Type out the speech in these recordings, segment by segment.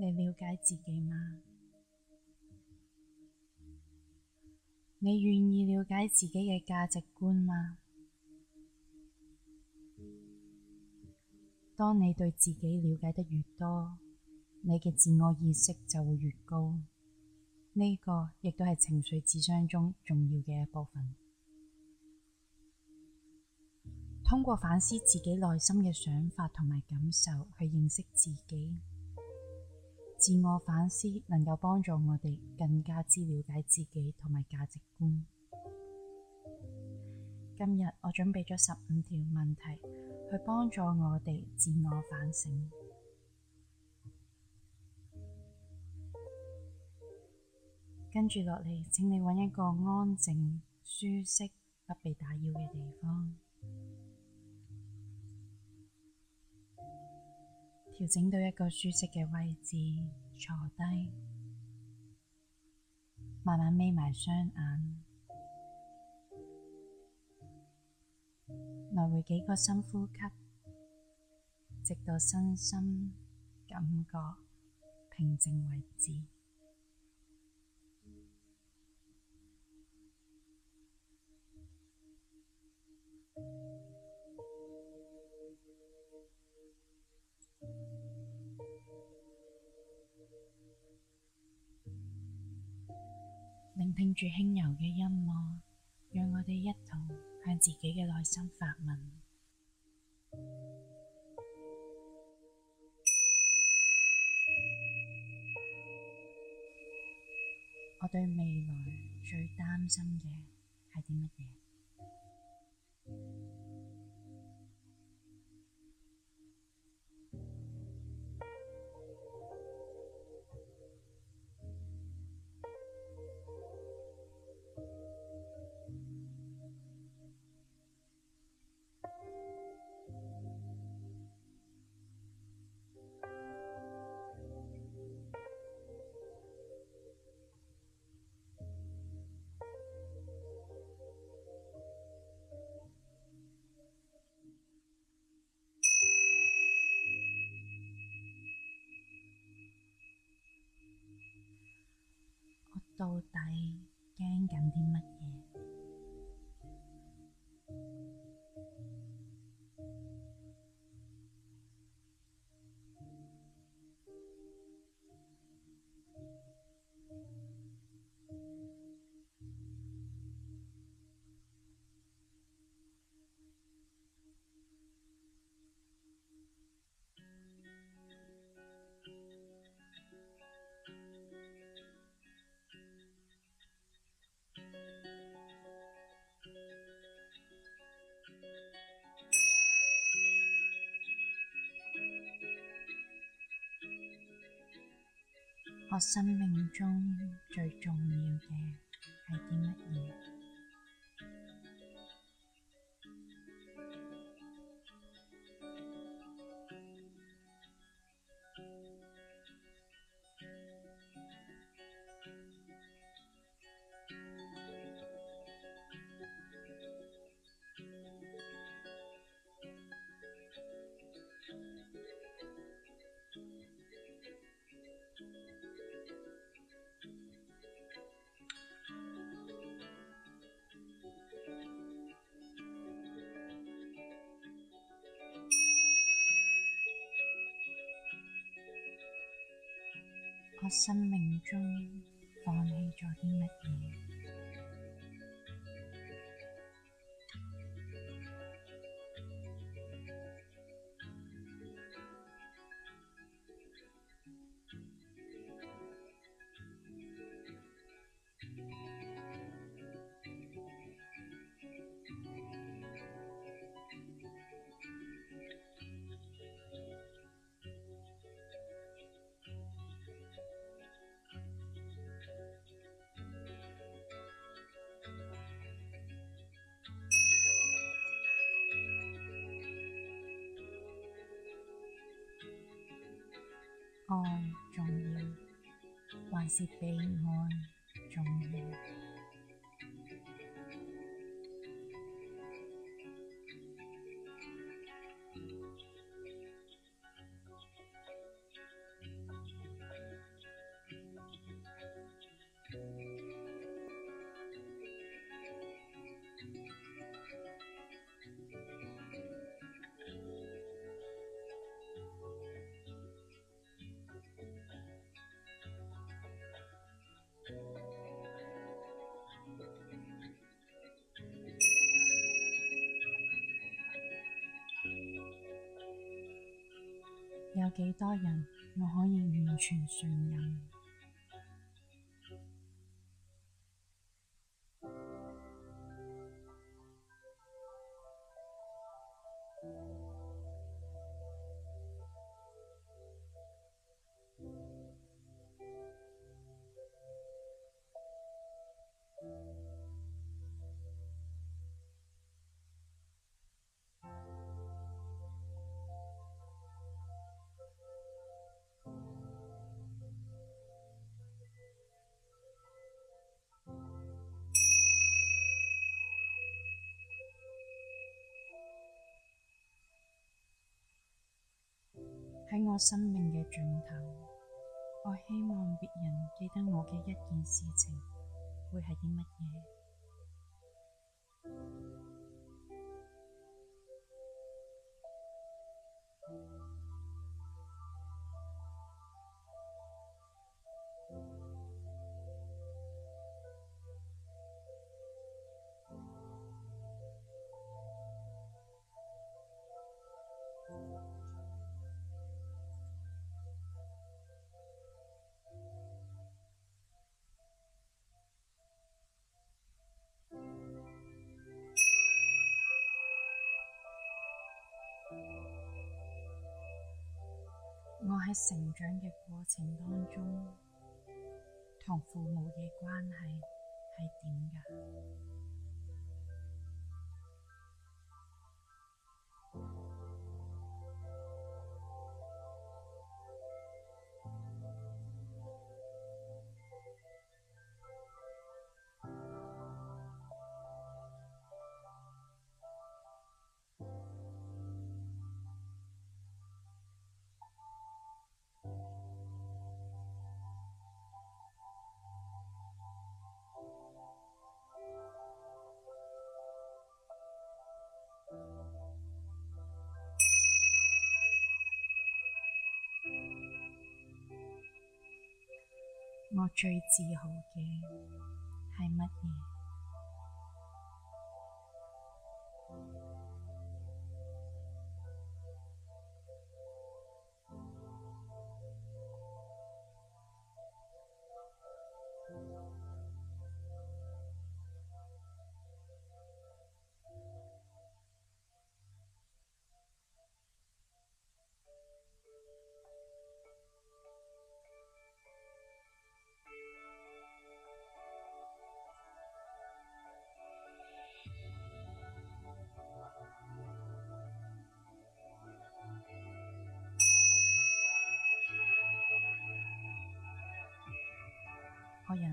你了解自己嗎？你願意了解自己嘅價值觀嗎？當你對自己了解得越多，你嘅自我意識就會越高。呢個亦都係情緒智商中重要嘅一部分。通過反思自己內心嘅想法同埋感受，去認識自己。自我反思能夠幫助我哋更加之了解自己同埋價值觀。今日我準備咗十五條問題，去幫助我哋自我反省。跟住落嚟，請你揾一個安靜、舒適、不被打擾嘅地方。調整到一個舒適嘅位置，坐低，慢慢眯埋雙眼，來回幾個深呼吸，直到身心感覺平靜為止。聆聽住輕柔嘅音樂，讓我哋一同向自己嘅內心發問：我對未來最擔心嘅係啲乜嘢？到底驚緊啲乜嘢？我生命中最重要嘅係啲乜嘢？生命中放棄咗啲乜嘢？愛、哦、重要，還是被愛重要？有幾多人我可以完全信任？喺我生命嘅盡頭，我希望別人記得我嘅一件事情會，會係啲乜嘢？喺成長嘅過程當中，同父母嘅關係係點㗎？我最自豪嘅係乜嘢？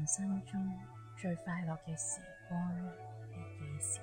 人生中最快樂嘅時光係幾時？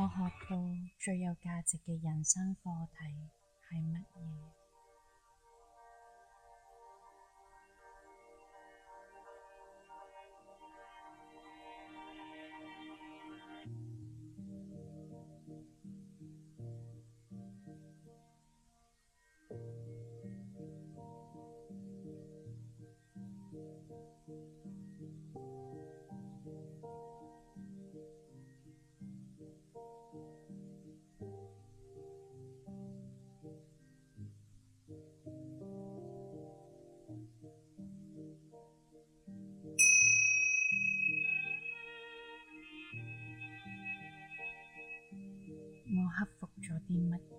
我學到最有價值嘅人生課題係乜嘢？我克服咗啲乜？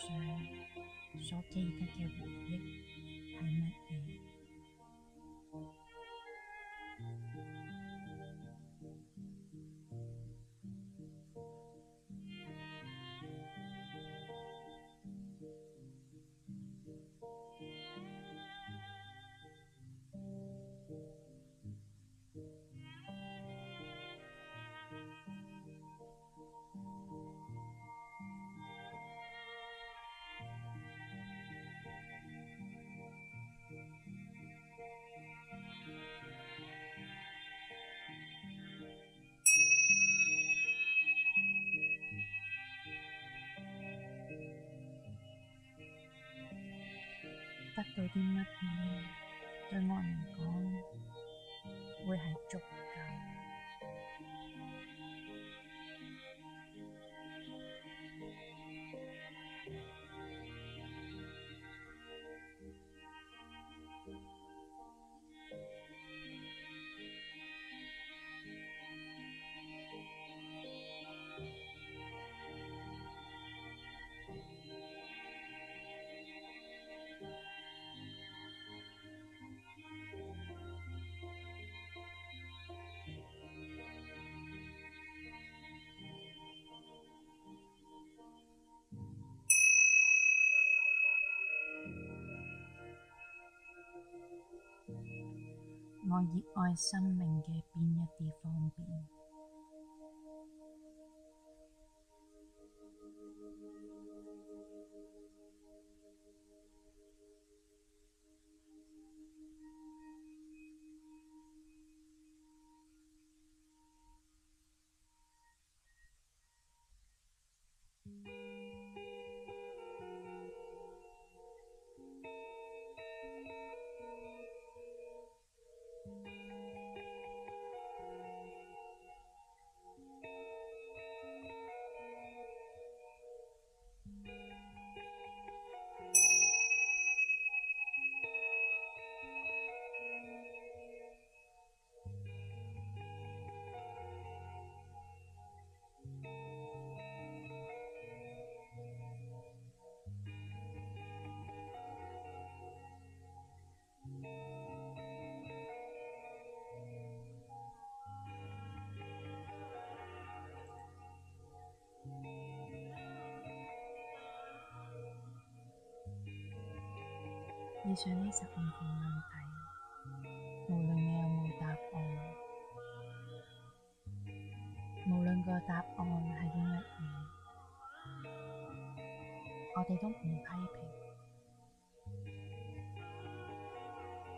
上所記得嘅回憶係乜？得到啲乜嘢，對我嚟講，會係足夠。我熱愛生命嘅邊一啲方面？遇上呢十五個問題，無論你有冇答案，無論個答案係啲乜嘢，我哋都唔批評。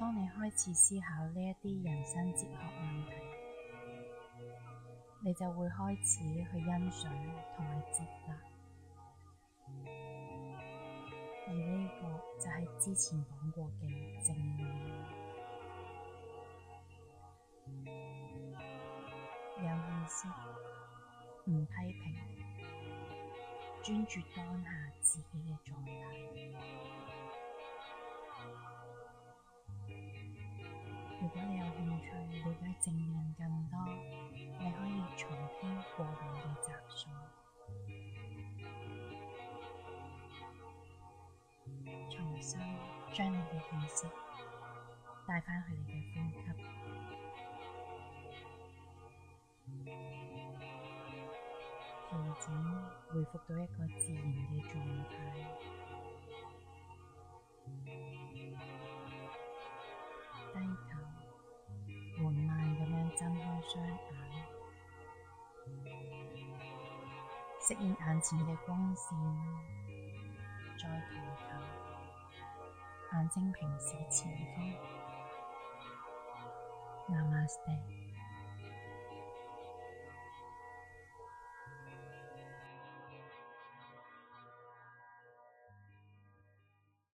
當你開始思考呢一啲人生哲學問題，你就會開始去欣賞同埋接納。而呢個就係之前講過嘅正念。嗯、有意識，唔批評，專注當下自己嘅狀態。如果你有興趣了解正念更多，你可以重聽過往嘅集數。將你嘅氣息帶返去你嘅呼吸，調整回復到一個自然嘅狀態。低頭，緩慢咁樣睜開雙眼，適應眼前嘅光線，再抬頭。眼睛平視前方。